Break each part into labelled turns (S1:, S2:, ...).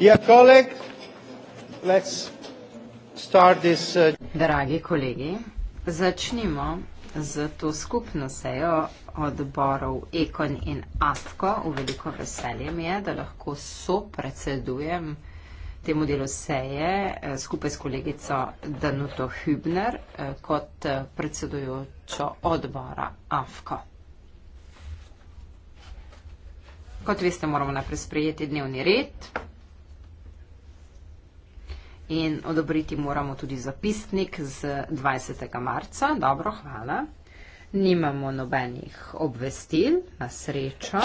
S1: Uh,
S2: Dragi kolegi, začnimo z to skupno sejo odborov Ekon in Afko. V veliko veselje mi je, da lahko sopredsedujem temu delu seje eh, skupaj s kolegico Danuto Hübner eh, kot eh, predsedujočo odbora Afko. Kot veste, moramo najprej sprejeti dnevni red in odobriti moramo tudi zapisnik z 20. marca. Dobro, hvala. Nimamo nobenih obvestil, na srečo.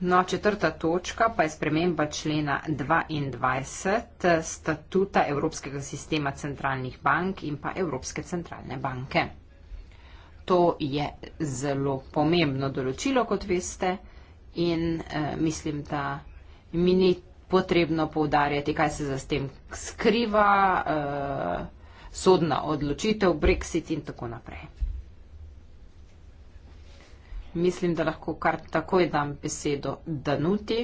S2: No, četrta točka pa je sprememba člena 22 statuta Evropskega sistema centralnih bank in pa Evropske centralne banke. To je zelo pomembno določilo, kot veste, in eh, mislim, da mi ni potrebno poudarjati, kaj se za tem skriva, uh, sodna odločitev, brexit in tako naprej. Mislim, da lahko kar takoj dam besedo Danuti,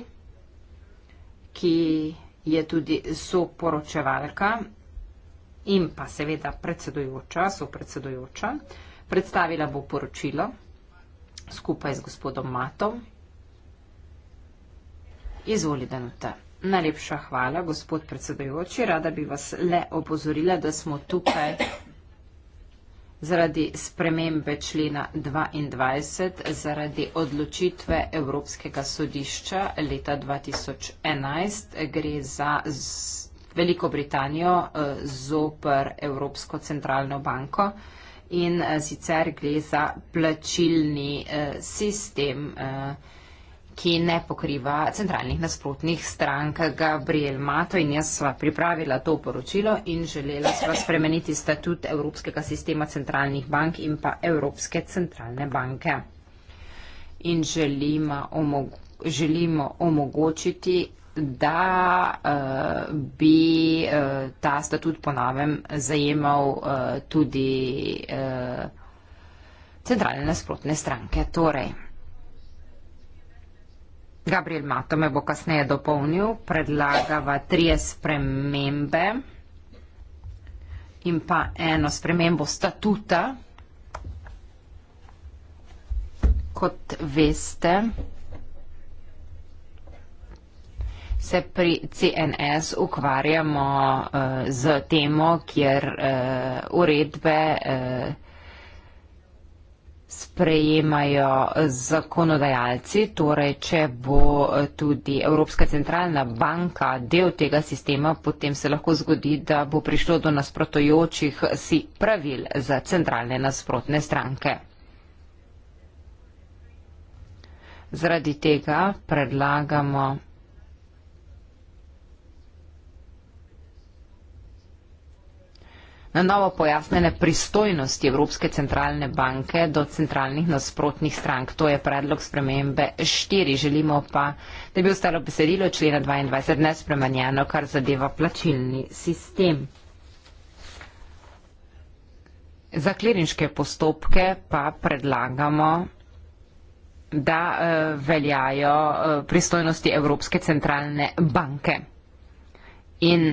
S2: ki je tudi soporočevalka in pa seveda predsedujoča, sopredsedujoča. Predstavila bo poročilo skupaj z gospodom Matom. Izvoli, Danuta. Najlepša hvala, gospod predsedujoči. Rada bi vas le opozorila, da smo tukaj zaradi spremembe člena 22, zaradi odločitve Evropskega sodišča leta 2011. Gre za Veliko Britanijo eh, zoper Evropsko centralno banko in eh, sicer gre za plačilni eh, sistem ki ne pokriva centralnih nasprotnih strank. Gabriel Mato in jaz sva pripravila to poročilo in želela sva spremeniti statut Evropskega sistema centralnih bank in pa Evropske centralne banke. In želimo, omog želimo omogočiti da uh, bi uh, ta statut ponavem zajemal uh, tudi uh, centralne nasprotne stranke. Torej. Gabriel Mato me bo kasneje dopolnil, predlagava trije spremembe in pa eno spremembo statuta. Kot veste, se pri CNS ukvarjamo uh, z temo, kjer uh, uredbe uh, sprejemajo zakonodajalci, torej če bo tudi Evropska centralna banka del tega sistema, potem se lahko zgodi, da bo prišlo do nasprotojočih si pravil za centralne nasprotne stranke. Zaradi tega predlagamo na novo pojasnjene pristojnosti Evropske centralne banke do centralnih nasprotnih strank. To je predlog spremembe 4. Želimo pa, da bi ostalo besedilo člena 22 nespremenjeno, kar zadeva plačilni sistem. Za kliniške postopke pa predlagamo da uh, veljajo uh, pristojnosti Evropske centralne banke. In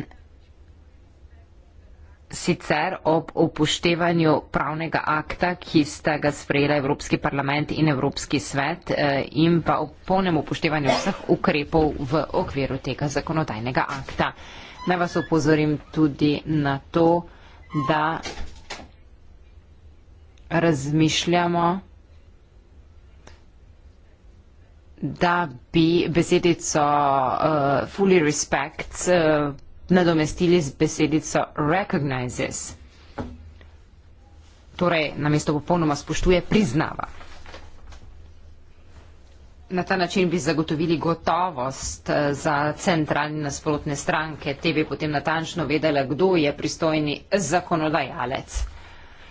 S2: sicer ob upoštevanju pravnega akta, ki sta ga sprejela Evropski parlament in Evropski svet eh, in pa ob polnem upoštevanju vseh ukrepov v okviru tega zakonodajnega akta. Naj vas upozorim tudi na to, da razmišljamo, da bi besedico uh, fully respect uh, nadomestili z besedico recognizes. Torej, namesto popolnoma spoštuje, priznava. Na ta način bi zagotovili gotovost eh, za centralne nasprotne stranke, te bi potem natančno vedele, kdo je pristojni zakonodajalec.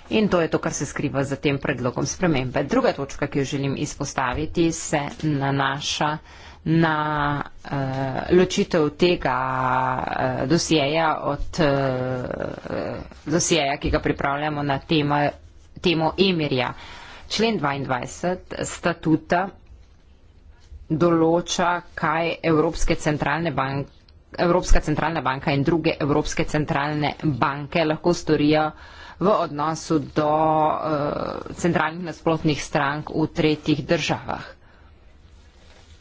S2: In to je to, kar se skriva za tem predlogom spremembe. Druga točka, ki jo želim izpostaviti, se nanaša na uh, ločitev tega uh, dosjeja od uh, dosjeja, ki ga pripravljamo na tema, temo emirja. Člen 22 statuta določa, kaj Evropske centralne banke. Evropska centralna banka in druge Evropske centralne banke lahko storijo uh, v odnosu do uh, centralnih nasplotnih strank v tretjih državah.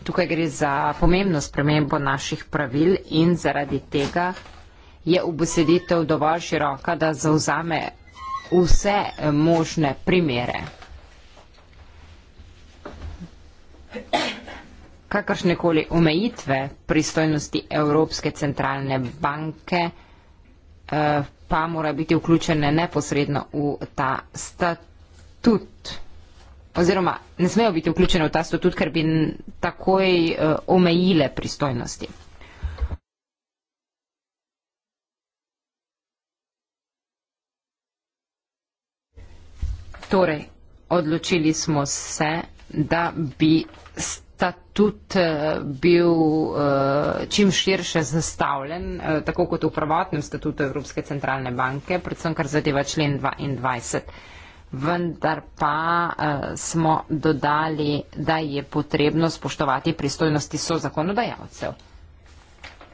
S2: Tukaj gre za pomembno spremembo naših pravil in zaradi tega je obeseditev dovolj široka, da zauzame vse možne primere. Kakršnekoli omejitve pristojnosti Evropske centralne banke eh, pa morajo biti vključene neposredno v ta statut. Oziroma, ne smejo biti vključene v ta statut, ker bi takoj eh, omejile pristojnosti. Torej, odločili smo se, da bi statut ta tudi uh, eh, bil uh, čim širše zastavljen, uh, tako kot v prvotnem statutu Evropske centralne banke, predvsem kar zadeva člen 22. Vendar pa uh, smo dodali, da je potrebno spoštovati pristojnosti so zakonodajalcev.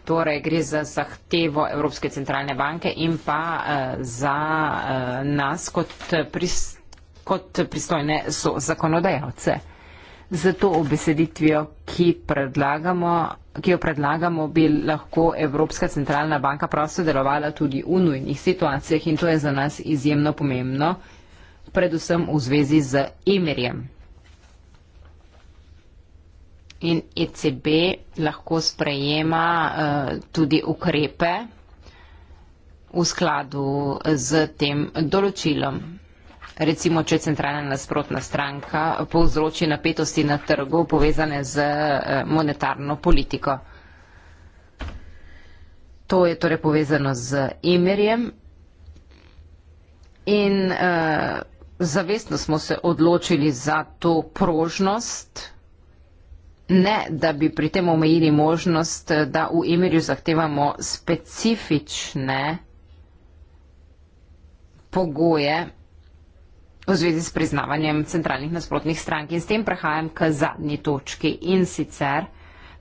S2: Torej gre za zahtevo Evropske centralne banke in pa uh, za uh, nas kot, pris, kot pristojne so zakonodajalce za to obeseditvijo, ki, ki jo predlagamo, bi lahko Evropska centralna banka prosto delovala tudi v nujnih situacijah in to je za nas izjemno pomembno, predvsem v zvezi z emerjem. In ECB lahko sprejema uh, tudi ukrepe v skladu z tem določilom recimo, če centralna nasprotna stranka povzroči napetosti na trgu povezane z eh, monetarno politiko. To je torej povezano z imerjem in uh, zavestno smo se odločili za to prožnost, ne da bi pri tem omejili možnost, eh, da v imerju zahtevamo specifične pogoje v zvezi s priznavanjem centralnih nasprotnih strank. In s tem prehajam k zadnji točki in sicer,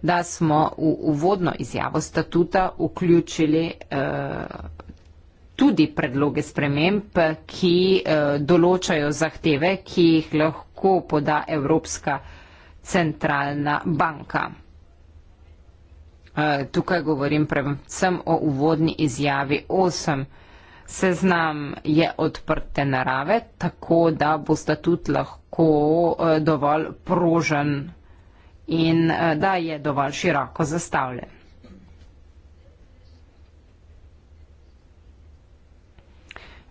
S2: da smo v uvodno izjavo statuta vključili eh, tudi predloge sprememb, ki eh, določajo zahteve, ki jih lahko poda Evropska centralna banka. Eh, tukaj govorim predvsem o uvodni izjavi 8 uh, Seznam je odprte narave, tako da bo statut lahko eh, dovolj prožen in eh, da je dovolj široko zastavljen.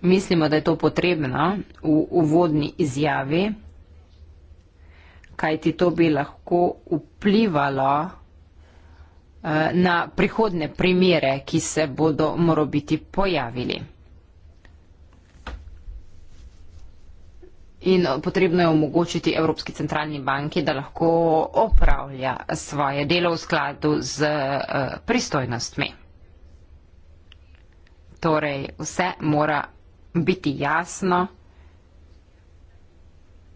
S2: Mislimo, da je to potrebno v uvodni izjavi, kaj ti to bi lahko vplivalo eh, na prihodne primere, ki se bodo morobiti pojavili. In eh, potrebno je omogočiti Evropski centralni banki, da lahko opravlja svoje delo v skladu z eh, pristojnostmi. Torej, vse mora biti jasno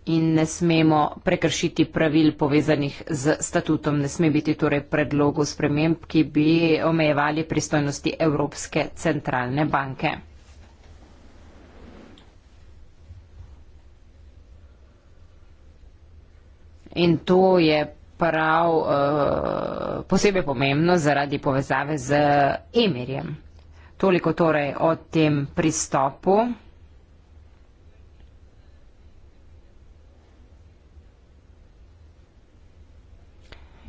S2: in ne smemo prekršiti pravil povezanih z statutom. Ne sme biti torej predlogov sprememb, ki bi omejevali pristojnosti Evropske centralne banke. In to je prav uh, posebej pomembno zaradi povezave z emirjem. Toliko torej o tem pristopu.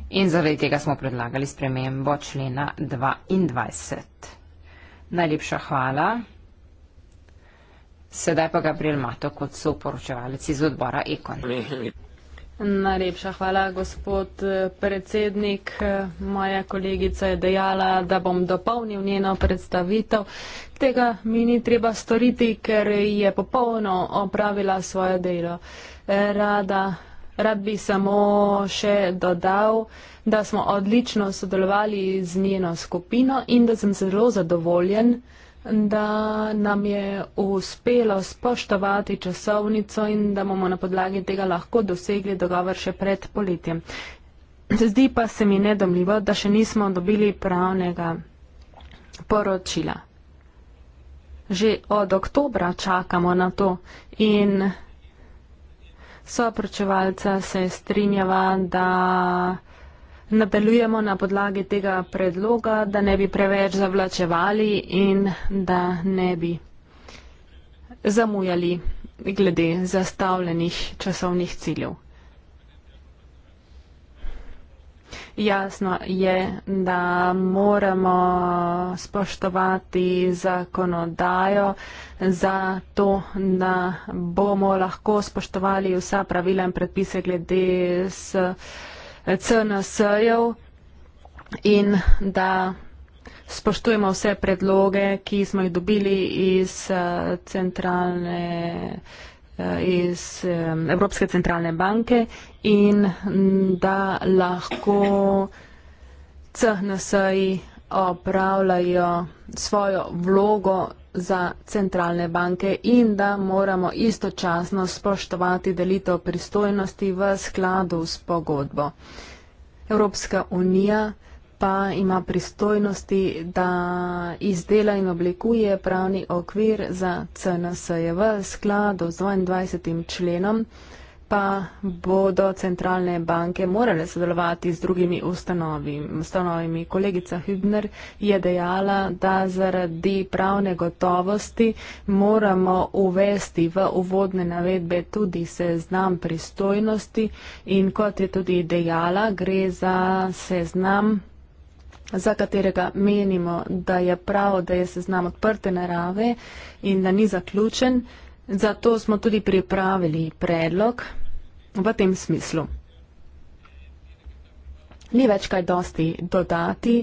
S2: In zaradi tega smo predlagali spremembo člena 22. Najlepša hvala. Sedaj pa Gabriel Mato kot soporočevalec iz odbora Ekon.
S1: Najlepša hvala, gospod eh, predsednik. Eh, moja kolegica je dejala, da bom dopolnil njeno predstavitev. Tega mi ni treba storiti, ker je popolno opravila svoje delo. Eh, rada, rad bi samo še dodal, da smo odlično sodelovali z njeno skupino in da sem zelo zadovoljen, da nam je uspelo spoštovati časovnico in da bomo na podlagi tega lahko dosegli dogovor še pred poletjem. Zdi pa se mi nedomljivo, da še nismo dobili pravnega poročila. Že od oktobra čakamo na to in sopročevalca se strinjava, da nadaljujemo na podlagi tega predloga, da ne bi preveč zavlačevali in da ne bi zamujali glede zastavljenih časovnih ciljev. Jasno je, da moramo spoštovati zakonodajo za to, da bomo lahko spoštovali vsa pravila in predpise glede s uh, CNS-jev in da spoštujemo vse predloge, ki smo jih dobili iz eh, centralne eh, iz eh, Evropske centralne banke in mm, da lahko CNS-ji opravljajo svojo vlogo za centralne banke in da moramo istočasno spoštovati delitev pristojnosti v skladu s pogodbo. Evropska unija pa ima pristojnosti, da izdela in oblikuje pravni okvir za CNSJV v skladu z 22. členom pa bodo centralne banke morale sodelovati z drugimi ustanovami. Kolegica Hübner je dejala, da zaradi pravne gotovosti moramo uvesti v uvodne navedbe tudi seznam pristojnosti in kot je tudi dejala, gre za seznam za katerega menimo, da je prav, da je seznam odprte narave in da ni zaključen. Zato smo tudi pripravili predlog v tem smislu. Ni več kaj dosti dodati.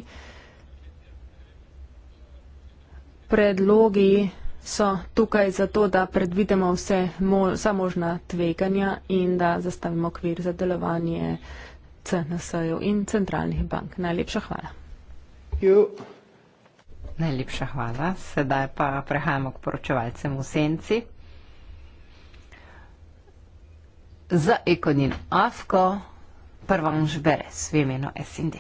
S1: Predlogi so tukaj zato, da predvidimo vse mo vsa možna tveganja in da zastavimo okvir za delovanje CNS-ju in centralnih bank. Najlepša hvala.
S2: You. Najlepša hvala. Sedaj pa prehajamo k poročevalcem v senci. za ekonin afko, prvan žbere s vemeno SND.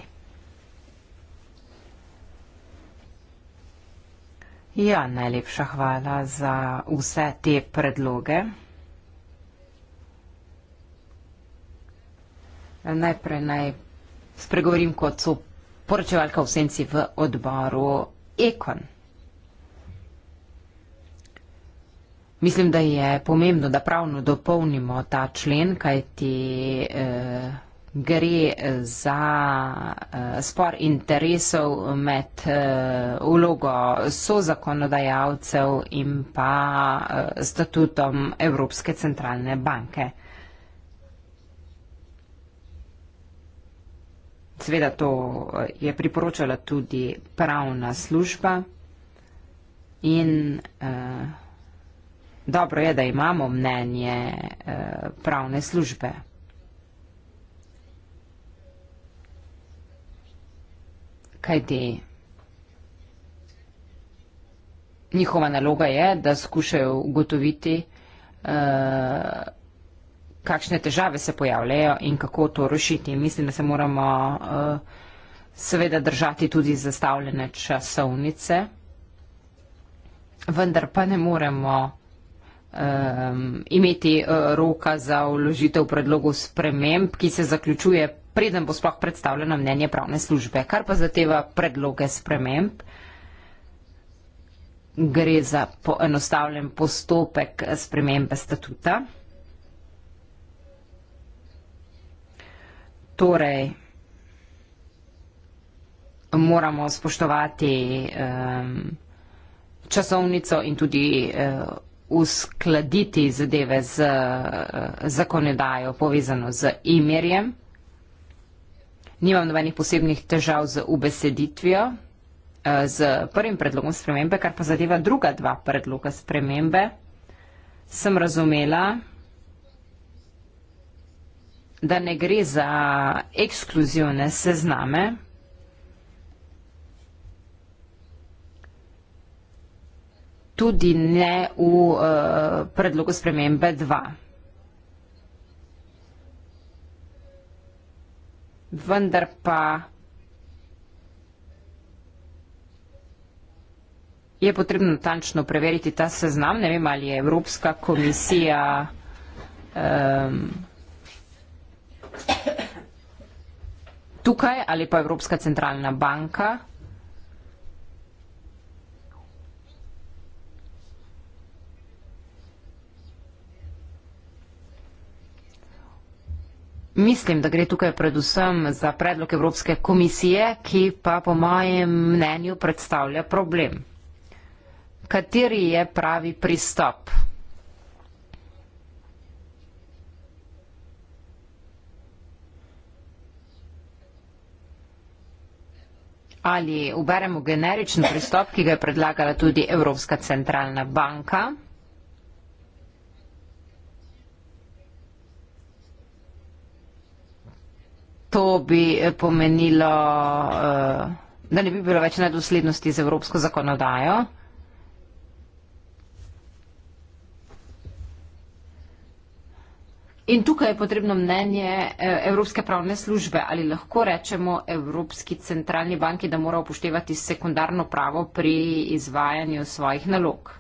S2: Ja, najlepša hvala za vse te predloge. Najprej naj spregovorim kot so poročevalka v senci v odboru Ekon. Mislim, da je pomembno, da pravno dopolnimo ta člen, kajti eh, gre za eh, spor interesov med eh, ulogo sozakonodajalcev in pa eh, statutom Evropske centralne banke. Sveda to eh, je priporočala tudi pravna služba in. Eh, Dobro je, da imamo mnenje eh, pravne službe. Kaj ti? Njihova naloga je, da skušajo ugotoviti, eh, kakšne težave se pojavljajo in kako to rušiti. Mislim, da se moramo eh, seveda držati tudi zastavljene časovnice, vendar pa ne moremo vsega, um, imeti uh, roka za uložitev predlogu sprememb, ki se zaključuje preden bo sploh predstavljeno mnenje pravne službe. Kar pa zateva predloge sprememb, gre za poenostavljen postopek spremembe statuta. Torej, moramo spoštovati um, časovnico in tudi uh, uskladiti zadeve z eh, zakonodajo povezano z imerjem. Nimam nobenih posebnih težav z ubeseditvijo, eh, z prvim predlogom spremembe, kar pa zadeva druga dva predloga spremembe, sem razumela, da ne gre za ekskluzivne sezname, tudi ne v uh, predlogu spremembe 2. Vendar pa je potrebno tančno preveriti ta seznam. Ne vem, ali je Evropska komisija um, tukaj ali pa Evropska centralna banka. Mislim, da gre tukaj predvsem za predlog Evropske komisije, ki pa po mojem mnenju predstavlja problem. Kateri je pravi pristop? Ali uberemo generičen pristop, ki ga je predlagala tudi Evropska centralna banka? to bi eh, pomenilo, eh, da ne bi bilo več nedoslednosti z evropsko zakonodajo. In tukaj je potrebno mnenje eh, Evropske pravne službe, ali lahko rečemo Evropski centralni banki, da mora upoštevati sekundarno pravo pri izvajanju svojih nalog.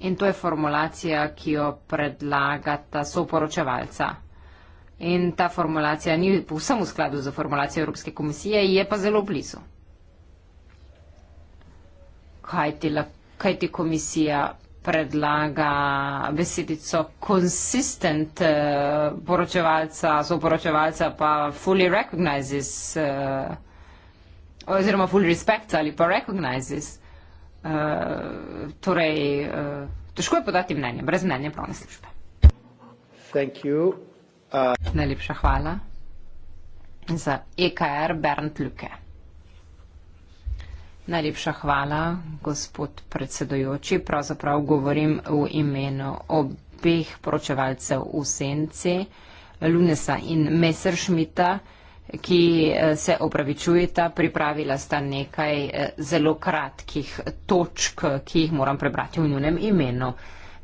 S2: In to je formulacija, ki jo predlagata soporočevalca in ta formulacija ni povsem v skladu z formulacijo Evropske komisije, je pa zelo blizu. Kaj ti, kaj ti komisija predlaga besedico consistent eh, poročevalca, soporočevalca pa fully recognizes eh, oziroma fully respect ali pa recognizes. Eh, torej, težko je podati mnenje, brez mnenja pravne službe.
S1: Thank you.
S2: Najlepša hvala za EKR Bernd Luke. Najlepša hvala, gospod predsedojoči. Pravzaprav govorim v imenu obeh poročevalcev v senci, Lunesa in Messerschmitta, ki eh, se opravičujeta, pripravila sta nekaj eh, zelo kratkih točk, ki jih moram prebrati v njunem imenu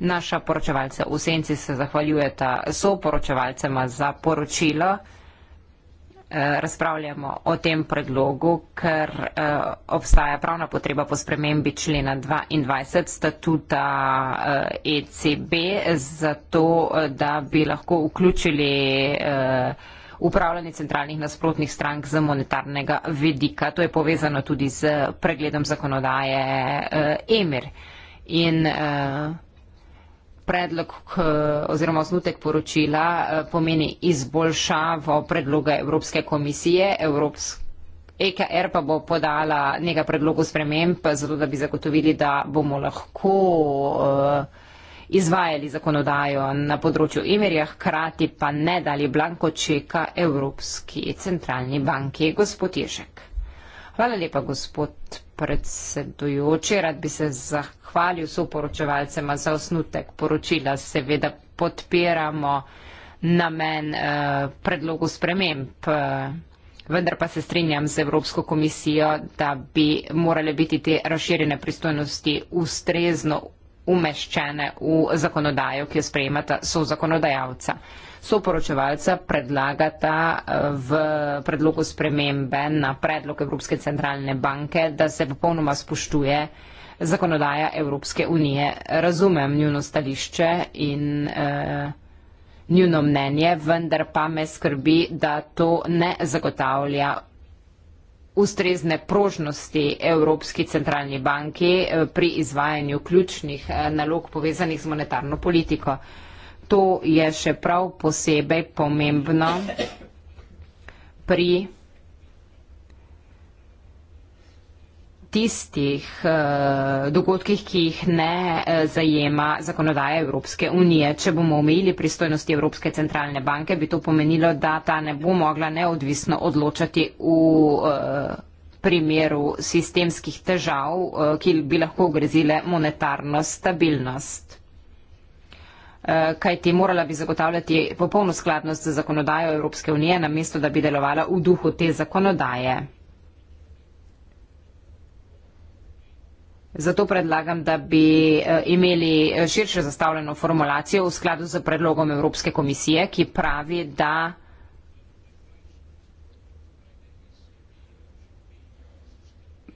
S2: naša poročevalca v senci se zahvaljujeta soporočevalcema za poročilo. Eh, razpravljamo o tem predlogu, ker eh, obstaja pravna potreba po spremembi člena 22 statuta ECB, eh, e zato da bi lahko vključili upravljanje centralnih nasprotnih strank z monetarnega vidika. To je povezano tudi z pregledom zakonodaje EMIR. In uh, predlog k, oziroma osnutek poročila eh, pomeni izboljšavo predloga Evropske komisije. Evropsk e EKR pa bo podala nekaj predlogov sprememb, zato da bi zagotovili, da bomo lahko eh, izvajali zakonodajo na področju Imerja, hkrati pa ne dali blanko čeka Evropski centralni banki, gospod Ježek. Hvala lepa, gospod predsedujoči. Rad bi se zahvalil soporočevalcema za osnutek poročila. Seveda podpiramo namen eh, predlogu sprememb, eh, vendar pa se strinjam z Evropsko komisijo, da bi morale biti te razširjene pristojnosti ustrezno umeščene v zakonodajo, ki jo sprejemata so zakonodajalca soporočevalca predlagata eh, v predlogu spremembe na predlog Evropske centralne banke, da se popolnoma spoštuje zakonodaja Evropske unije. Razumem njuno stališče in uh, njuno mnenje, vendar pa me skrbi, da to ne zagotavlja ustrezne prožnosti Evropski centralni banki eh, pri izvajanju ključnih nalog povezanih z monetarno politiko. Uh, to je še prav posebej pomembno pri tistih eh, dogodkih, ki jih ne eh, zajema zakonodaja Evropske unije. Če bomo omejili pristojnosti Evropske centralne banke, bi to pomenilo, da ta ne bo mogla neodvisno odločati v eh, primeru sistemskih težav, eh, ki bi lahko ogrezile monetarno stabilnost. Eh, kaj ti morala bi zagotavljati popolno skladnost z zakonodajo Evropske unije, namesto da bi delovala v duhu te zakonodaje. Zato predlagam, da bi eh, imeli eh, širše zastavljeno formulacijo v skladu z predlogom Evropske komisije, ki pravi, da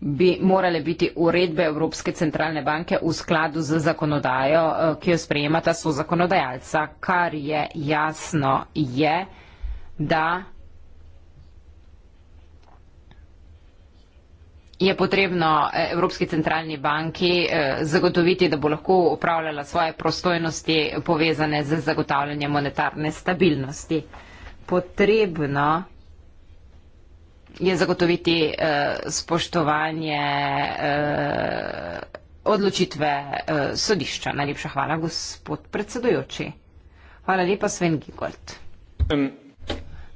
S2: bi morale biti uredbe Evropske centralne banke v skladu z zakonodajo, eh, ki jo sprejemata so zakonodajalca. Kar je jasno je, da je potrebno eh, Evropski centralni banki eh, zagotoviti, da bo lahko upravljala svoje prostojnosti povezane z zagotavljanjem monetarne stabilnosti. Potrebno je, je zagotoviti uh, spoštovanje uh, odločitve uh, sodišča. Najlepša hvala, gospod predsedujoči. Hvala lepa, Sven Gigold. Um.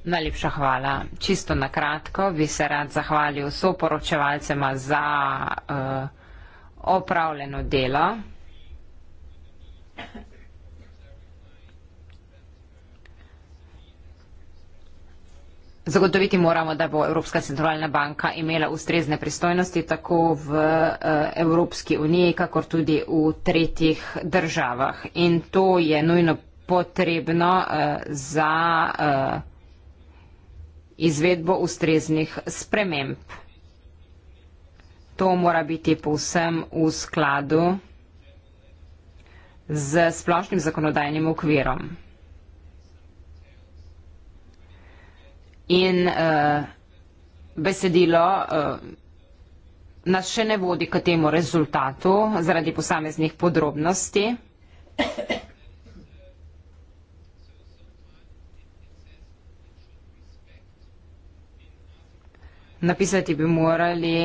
S2: Najlepša hvala. Čisto na kratko bi se rad zahvalil soporočevalcema za uh, opravljeno delo. Zagotoviti moramo, da bo Evropska centralna banka imela ustrezne pristojnosti tako v eh, Evropski uniji, kakor tudi v tretjih državah. In to je nujno potrebno eh, za eh, izvedbo ustreznih sprememb. To mora biti povsem v skladu z splošnim zakonodajnim okvirom. In uh, besedilo uh, nas še ne vodi k temu rezultatu zaradi posameznih podrobnosti. Napisati bi morali,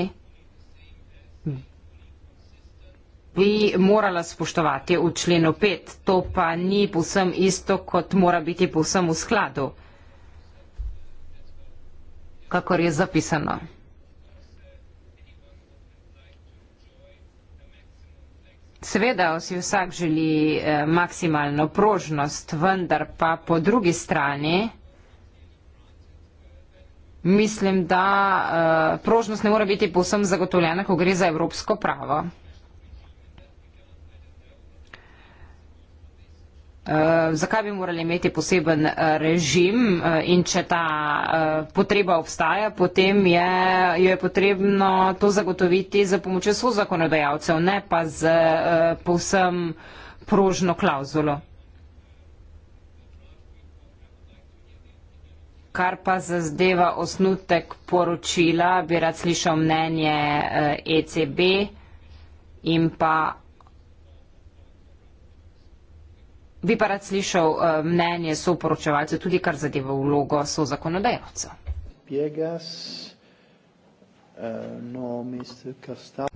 S2: bi morala spoštovati v členu 5, to pa ni povsem isto, kot mora biti povsem v skladu kakor je zapisano. Seveda si vsak želi eh, maksimalno prožnost, vendar pa po drugi strani mislim, da eh, prožnost ne mora biti povsem zagotovljena, ko gre za evropsko pravo. Eh, zakaj bi morali imeti poseben eh, režim eh, in če ta potreba obstaja, potem je, jo je potrebno to zagotoviti za pomočjo sozakonodajalcev, ne pa z povsem prožno klauzulo. Kar pa zazdeva osnutek poročila, bi rad slišal mnenje ECB e in pa Bi pa rad slišal eh, mnenje soporočevalcev, tudi kar zadeva vlogo so zakonodajalca.
S1: Eh, no,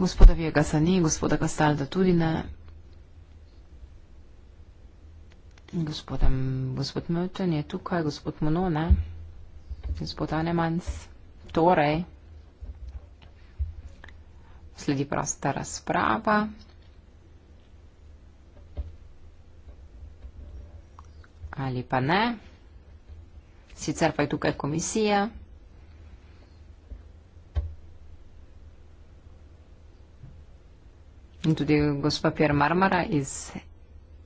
S2: gospoda Viegasa ni, gospoda Kastalda tudi ne. Gospod Mjoten je tukaj, gospod Mono, ne? Gospod Anemans. Torej, sledi prosta razprava. ali pa ne. Sicer pa je tukaj komisija. In tudi gospod Pier Marmara iz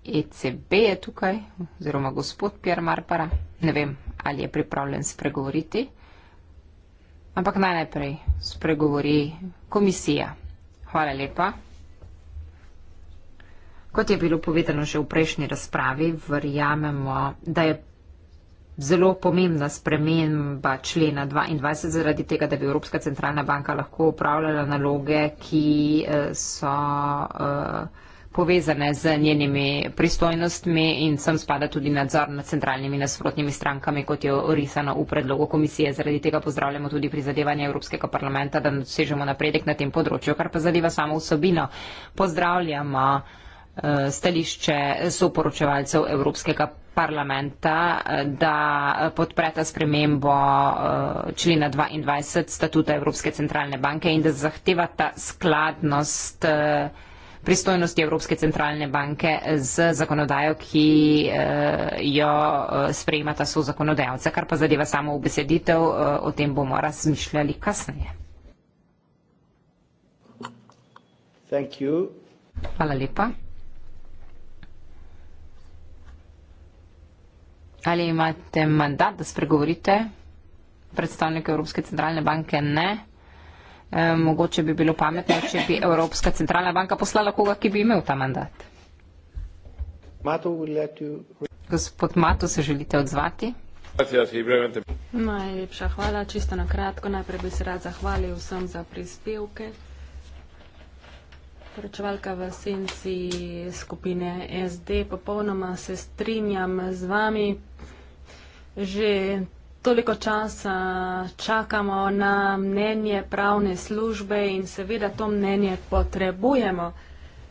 S2: ECB je tukaj, oziroma gospod Pier Marmara. Ne vem, ali je pripravljen spregovoriti. Ampak najprej spregovori komisija. Hvala lepa. Kot je bilo povedano že v prejšnji razpravi, verjamemo, da je zelo pomembna sprememba člena 22 zaradi tega, da bi Evropska centralna banka lahko upravljala naloge, ki eh, so eh, povezane z njenimi pristojnostmi in sem spada tudi nadzor nad centralnimi nasprotnimi strankami, kot je orisano v predlogu komisije. Zaradi tega pozdravljamo tudi prizadevanje Evropskega parlamenta, da dosežemo napredek na tem področju, kar pa zadeva samo vsebino. Pozdravljamo. Eh, stališče soporočevalcev Evropskega parlamenta, eh, da podpreta spremembo eh, člena 22 statuta Evropske centralne banke in da zahtevata skladnost pristojnosti Evropske centralne banke z zakonodajo, ki jo sprejemata so zakonodajalce, kar pa zadeva samo obeseditev, o tem bomo razmišljali kasneje. Hvala lepa. Ali imate mandat, da spregovorite? Predstavnike Evropske centralne banke ne. E, mogoče bi bilo pametno, če bi Evropska centralna banka poslala koga, ki bi imel ta mandat. Mato, Gospod Mato, se želite odzvati?
S1: Najlepša hvala, čisto na kratko. Najprej bi se rad zahvalil vsem za prispevke. Prečevalka v senci skupine SD, popolnoma se strinjam z vami. Že toliko časa čakamo na mnenje pravne službe in seveda to mnenje potrebujemo.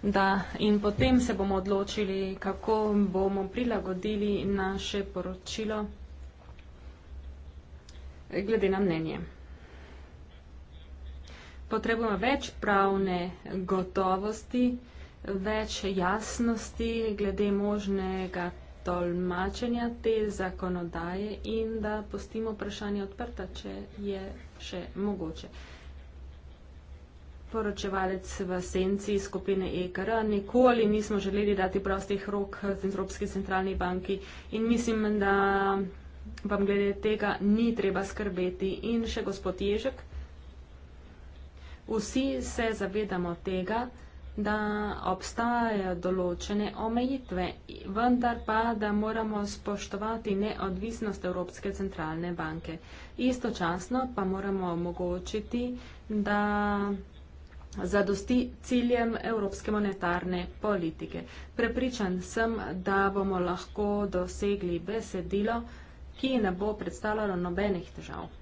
S1: Da, in potem se bomo odločili, kako bomo prilagodili naše poročilo glede na mnenje potrebujemo več pravne gotovosti, več jasnosti glede možnega tolmačenja te zakonodaje in da postimo vprašanje odprta, če je še mogoče. Poročevalec v senci skupine EKR, nikoli nismo želeli dati prostih rok z Evropski centralni banki in mislim, da vam glede tega ni treba skrbeti. In še gospod Ježek. Vsi se zavedamo tega, da obstajajo določene omejitve, vendar pa, da moramo spoštovati neodvisnost Evropske centralne banke. Istočasno pa moramo omogočiti, da zadosti ciljem Evropske monetarne politike. Prepričan sem, da bomo lahko dosegli besedilo, ki ne bo predstavljalo nobenih težav.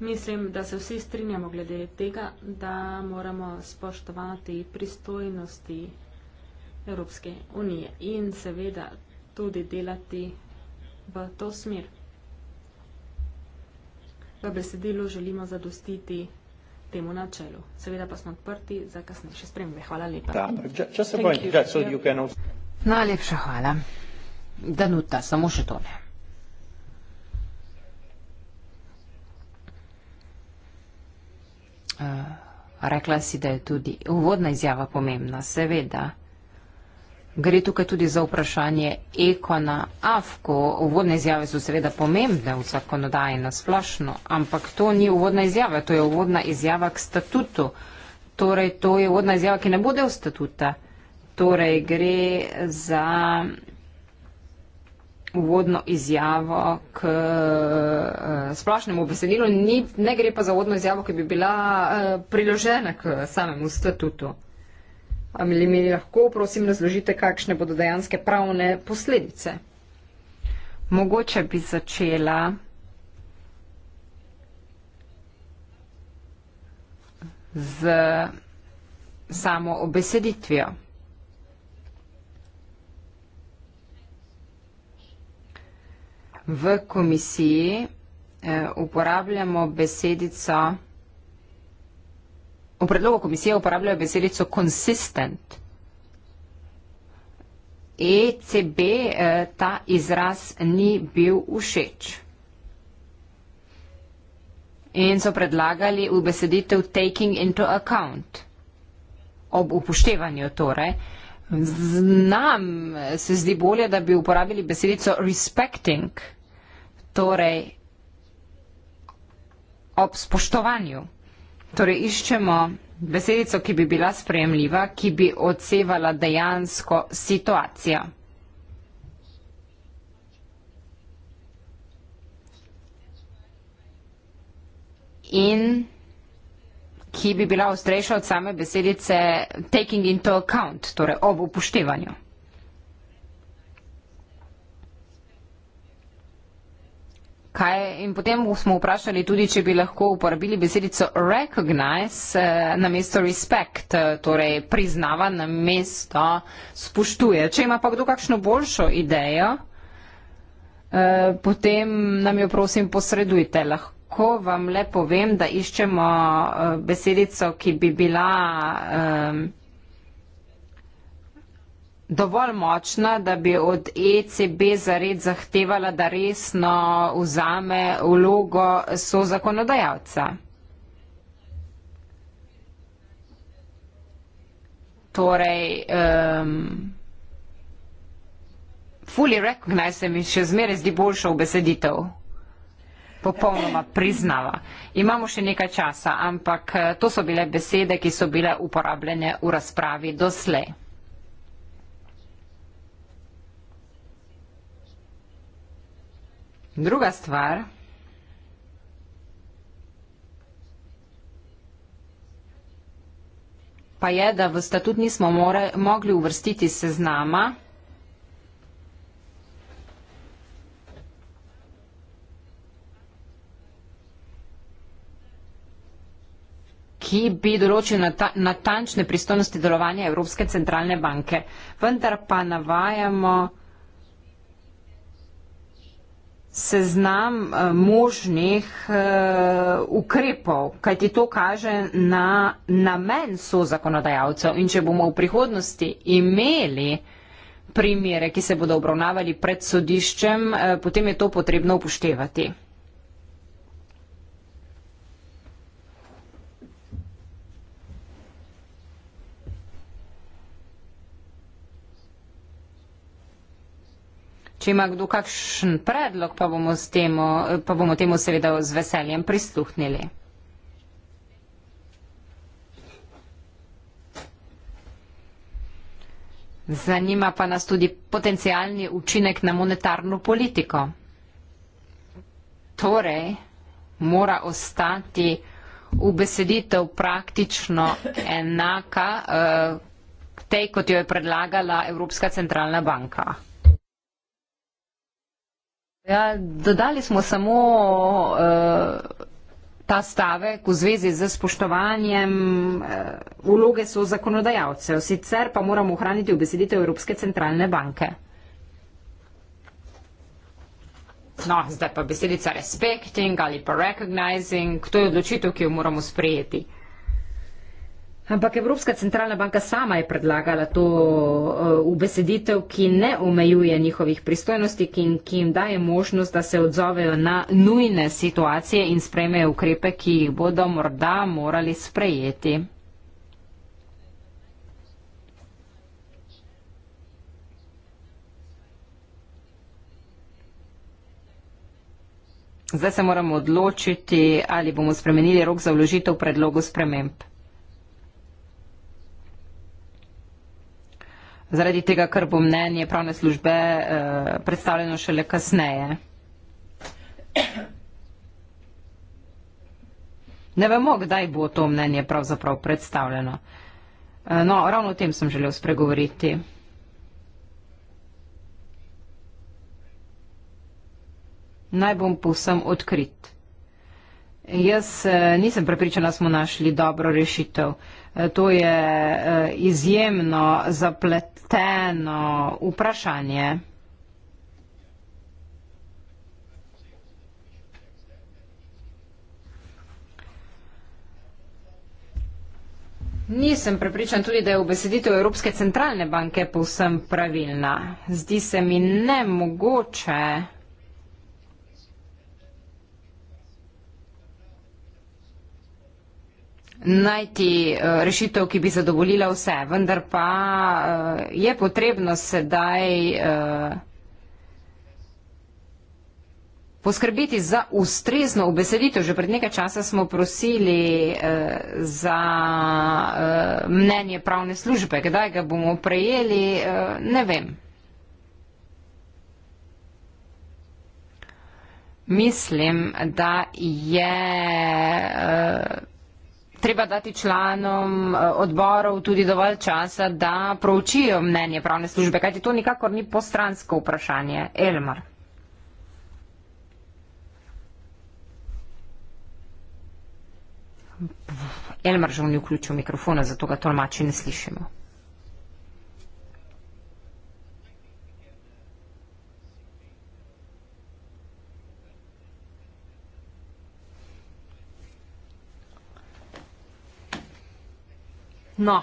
S1: Mislim, da se vsi strinjamo glede tega, da moramo spoštovati pristojnosti Evropske unije in seveda tudi delati v to smer. V besedilu želimo zadostiti temu načelu. Seveda pa smo odprti za kasnejše spremembe. Hvala lepa.
S2: Najlepša hvala. Danuta, samo še to ne. Eh, rekla si, da je tudi uvodna izjava pomembna. Seveda, gre tukaj tudi za vprašanje eko na afko. Uvodne izjave so seveda pomembne v zakonodaji na splošno, ampak to ni uvodna izjava, to je uvodna izjava k statutu. Torej, to je uvodna izjava, ki ne bo del statuta. Torej, gre za uvodno izjavo k eh, splošnemu besedilu, ni, ne gre pa za uvodno izjavo, ki bi bila eh, priložena k samemu statutu. Ali mi lahko, prosim, razložite, kakšne bodo dejanske pravne posledice? Mogoče bi začela. Z samo obeseditvijo. V komisiji eh, uporabljamo besedico, v predlogu komisije uporabljajo besedico consistent. ECB eh, ta izraz ni bil všeč. In so predlagali v beseditev taking into account, ob upoštevanju torej. Znam, se zdi bolje, da bi uporabili besedico respecting, torej ob spoštovanju. Torej iščemo besedico, ki bi bila sprejemljiva, ki bi odsevala dejansko situacijo. In ki bi bila ostrejša od same besedice taking into account, torej ob upoštevanju. Kaj, in potem smo vprašali tudi, če bi lahko uporabili besedico recognize eh, na mesto respect, eh, torej priznava na mesto spoštuje. Če ima pa kdo kakšno boljšo idejo, eh, potem nam jo prosim posredujte lahko lahko vam le povem, da iščemo uh, besedico, ki bi bila um, dovolj močna, da bi od ECB zared zahtevala, da resno vzame vlogo so zakonodajalca. Torej, um, fully recognize se mi še zmeraj zdi boljša v beseditev popolnoma priznava. Imamo še nekaj časa, ampak eh, to so bile besede, ki so bile uporabljene v razpravi doslej. Druga stvar. pa je, da v statut nismo more, mogli uvrstiti seznama ki bi določil nata, natančne pristojnosti delovanja Evropske centralne banke. Vendar pa navajamo seznam eh, možnih eh, ukrepov, kajti to kaže na namen so zakonodajalcev in če bomo v prihodnosti imeli primere, ki se bodo obravnavali pred sodiščem, eh, potem je to potrebno upoštevati. Če ima kdo kakšen predlog, pa bomo, temo, pa bomo temu seveda z veseljem prisluhnili. Zanima pa nas tudi potencijalni učinek na monetarno politiko. Torej, mora ostati ubeseditev praktično enaka eh, tej, kot jo je predlagala Evropska centralna banka. Ja, dodali smo samo uh, ta stavek v zvezi z spoštovanjem uh, vloge so zakonodajalcev, sicer pa moramo ohraniti obesedite Evropske centralne banke. No, zdaj pa besedica respecting ali pa recognizing, to je odločitev, ki jo moramo sprejeti. Ampak Evropska centralna banka sama je predlagala to eh, ubeseditev, ki ne omejuje njihovih pristojnosti, ki, ki jim daje možnost, da se odzovejo na nujne situacije in sprejmejo ukrepe, ki jih bodo morda morali sprejeti. Zdaj se moramo odločiti, ali bomo spremenili rok za vložitev predlogu sprememb. zaradi tega, ker bo mnenje pravne službe uh, predstavljeno šele kasneje. Ne vemo, kdaj bo to mnenje pravzaprav predstavljeno. Eh, no, ravno o tem sem želel spregovoriti. Naj bom povsem odkrit. Jaz eh, nisem prepričana, da smo našli dobro rešitev. To je izjemno zapleteno vprašanje. Nisem prepričan tudi, da je obeseditev Evropske centralne banke povsem pravilna. Zdi se mi nemogoče. mogoče najti eh, rešitev, ki bi zadovoljila vse. Vendar pa eh, je potrebno sedaj eh, poskrbeti za ustrezno obeseditev. Že pred nekaj časa smo prosili za mnenje pravne službe. Kdaj ga bomo prejeli, ne vem. Mislim, da je treba dati članom eh, odborov tudi dovolj časa, da proučijo mnenje pravne službe, kajti to nikakor ni postransko vprašanje. Elmar. Elmar že v njo vključil mikrofona, zato ga tolmači ne slišimo. No,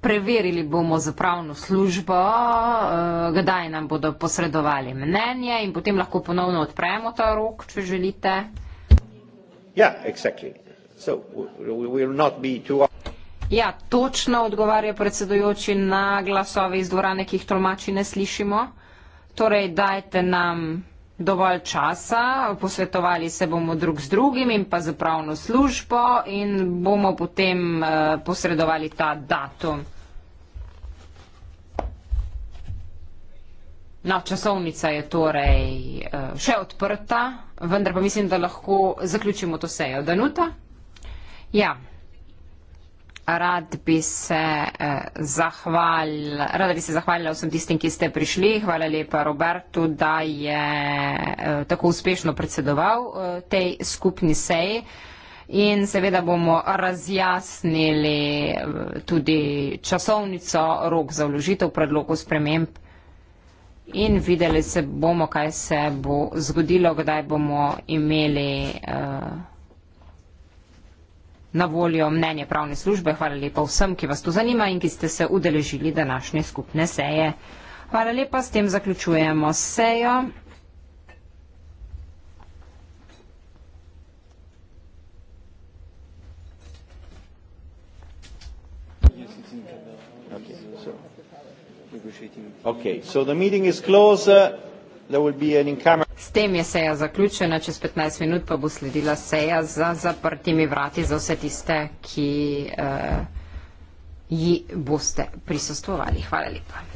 S2: preverili bomo zapravno službo, eh, kdaj nam bodo posredovali mnenje in potem lahko ponovno odpremo ta rok, če želite. Ja, ja točno odgovarja predsedujoči na glasove iz dvorane, ki jih tolmači ne slišimo. Torej, dajte nam dovolj časa, posvetovali se bomo drug z drugim in pa z upravno službo in bomo potem eh, posredovali ta datum. No, časovnica je torej eh, še odprta, vendar pa mislim, da lahko zaključimo to sejo. Danuta? Ja rad bi se eh, zahvalila, rada bi se zahvalila vsem tistim, ki ste prišli. Hvala lepa Robertu, da je eh, tako uspešno predsedoval eh, tej skupni seji. In seveda bomo razjasnili tudi časovnico, rok za vložitev predlogov sprememb in videli se bomo, kaj se bo zgodilo, kdaj bomo imeli. Uh, na voljo mnenje pravne službe. Hvala lepa vsem, ki vas to zanima in ki ste se udeležili današnje skupne seje. Hvala lepa, s tem zaključujemo sejo.
S1: Okay, so the meeting is closed. Uh
S2: S tem je seja zaključena, čez 15 minut pa bo sledila seja za zaprtimi vrati za vse tiste, ki uh, ji boste prisostovali. Hvala lepa.